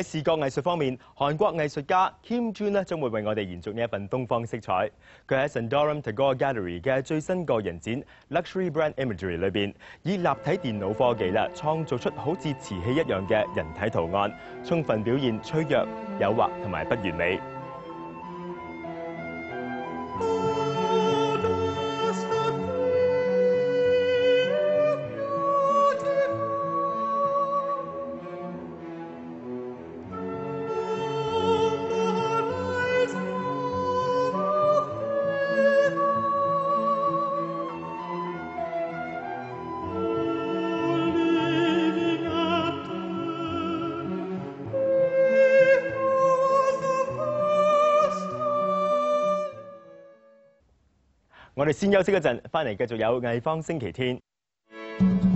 喺視覺藝術方面，韓國藝術家 Kim Joon 咧將會為我哋延續呢一份東方色彩。佢喺 Sundaram Tagore Gallery 嘅最新個人展 Luxury Brand Imagery 裏面，以立體電腦科技啦，創造出好似瓷器一樣嘅人體圖案，充分表現脆弱、誘惑同埋不完美。我哋先休息一陣，翻嚟繼續有藝坊星期天。